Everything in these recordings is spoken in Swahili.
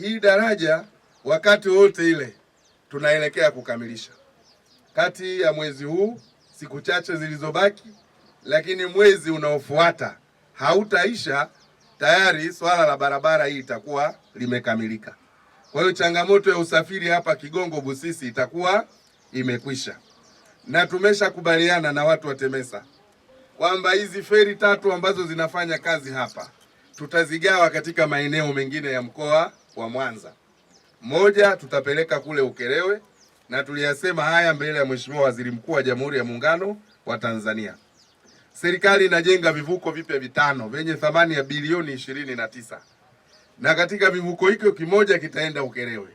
hii daraja wakati wote ile tunaelekea kukamilisha kati ya mwezi huu siku chache zilizobaki, lakini mwezi unaofuata hautaisha, tayari swala la barabara hii itakuwa limekamilika. Kwa hiyo changamoto ya usafiri hapa Kigongo Busisi itakuwa imekwisha, na tumeshakubaliana na watu wa TEMESA kwamba hizi feri tatu ambazo zinafanya kazi hapa tutazigawa katika maeneo mengine ya mkoa wa Mwanza. Moja tutapeleka kule Ukerewe na tuliyasema haya mbele ya Mheshimiwa Waziri Mkuu wa Jamhuri ya Muungano wa Tanzania. Serikali inajenga vivuko vipya vitano vyenye thamani ya bilioni ishirini na tisa na katika vivuko hiko kimoja kitaenda Ukerewe.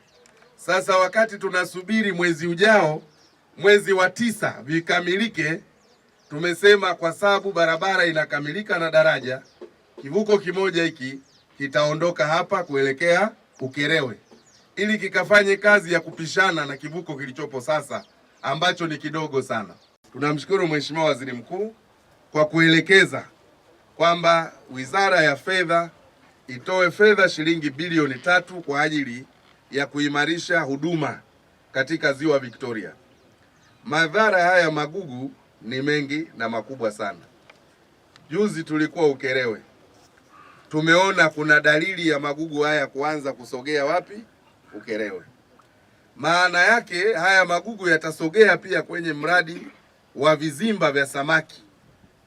Sasa wakati tunasubiri mwezi ujao, mwezi wa tisa vikamilike, tumesema kwa sababu barabara inakamilika na daraja, kivuko kimoja hiki kitaondoka hapa kuelekea Ukerewe ili kikafanye kazi ya kupishana na kivuko kilichopo sasa ambacho ni kidogo sana. Tunamshukuru Mheshimiwa Waziri Mkuu kwa kuelekeza kwamba Wizara ya Fedha itoe fedha shilingi bilioni tatu kwa ajili ya kuimarisha huduma katika Ziwa Victoria. Madhara haya magugu ni mengi na makubwa sana. Juzi tulikuwa Ukerewe tumeona kuna dalili ya magugu haya kuanza kusogea wapi? Ukerewe. Maana yake haya magugu yatasogea pia kwenye mradi wa vizimba vya samaki.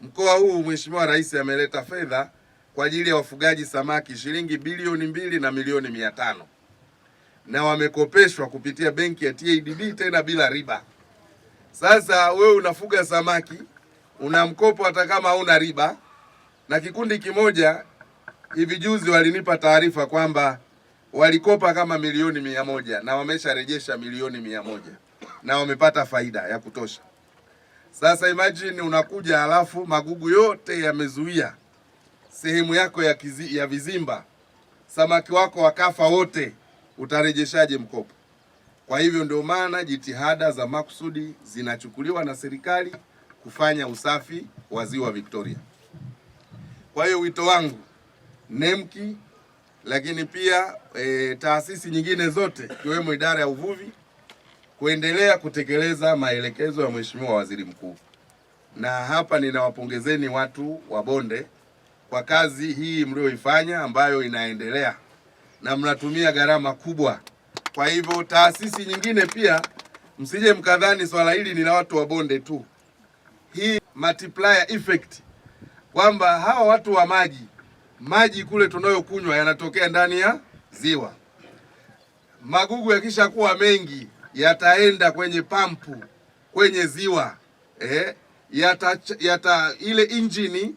Mkoa huu Mheshimiwa Rais ameleta fedha kwa ajili ya wafugaji samaki shilingi bilioni mbili na milioni mia tano na wamekopeshwa kupitia benki ya TADB tena bila riba. Sasa wewe unafuga samaki una mkopo hata kama hauna riba, na kikundi kimoja hivi juzi walinipa taarifa kwamba walikopa kama milioni mia moja na wamesharejesha milioni mia moja na wamepata faida ya kutosha. Sasa imagine unakuja halafu magugu yote yamezuia sehemu yako ya, kizi, ya vizimba, samaki wako wakafa wote, utarejeshaje mkopo? Kwa hivyo ndio maana jitihada za makusudi zinachukuliwa na serikali kufanya usafi wa ziwa Victoria. Kwa hiyo wito wangu NEMKI, lakini pia e, taasisi nyingine zote ikiwemo idara ya uvuvi kuendelea kutekeleza maelekezo ya Mheshimiwa Waziri Mkuu. Na hapa ninawapongezeni watu wa bonde kwa kazi hii mlioifanya ambayo inaendelea na mnatumia gharama kubwa. Kwa hivyo taasisi nyingine pia msije mkadhani swala hili ni la watu wa bonde tu, hii multiplier effect kwamba hawa watu wa maji maji kule tunayokunywa yanatokea ndani ya ziwa. Magugu yakishakuwa mengi yataenda kwenye pampu kwenye ziwa eh, yata, yata ile injini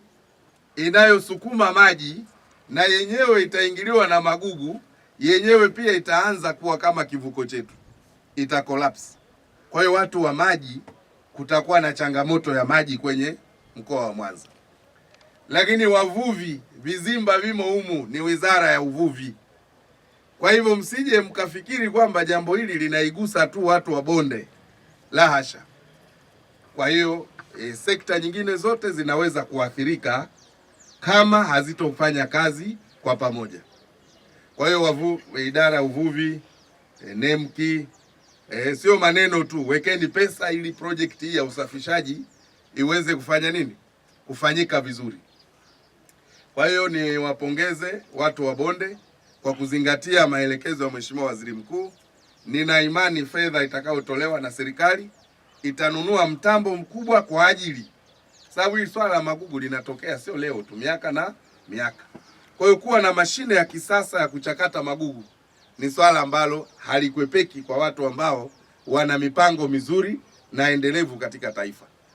inayosukuma maji na yenyewe itaingiliwa na magugu, yenyewe pia itaanza kuwa kama kivuko chetu, ita collapse. Kwa hiyo watu wa maji, kutakuwa na changamoto ya maji kwenye mkoa wa Mwanza lakini wavuvi vizimba vimo humu, ni wizara ya uvuvi. Kwa hivyo msije mkafikiri kwamba jambo hili linaigusa tu watu wa bonde la hasha. Kwa hiyo e, sekta nyingine zote zinaweza kuathirika kama hazitofanya kazi kwa pamoja. Kwa hiyo wavu, e, idara ya uvuvi e, NEMKI e, sio maneno tu, wekeni pesa ili project hii ya usafishaji iweze kufanya nini, kufanyika vizuri. Kwa hiyo niwapongeze watu wa bonde kwa kuzingatia maelekezo ya Mheshimiwa Waziri Mkuu. Nina imani fedha itakayotolewa na serikali itanunua mtambo mkubwa kwa ajili, sababu hili swala la magugu linatokea sio leo tu, miaka na miaka. Kwa hiyo kuwa na mashine ya kisasa ya kuchakata magugu ni swala ambalo halikwepeki kwa watu ambao wana mipango mizuri na endelevu katika taifa.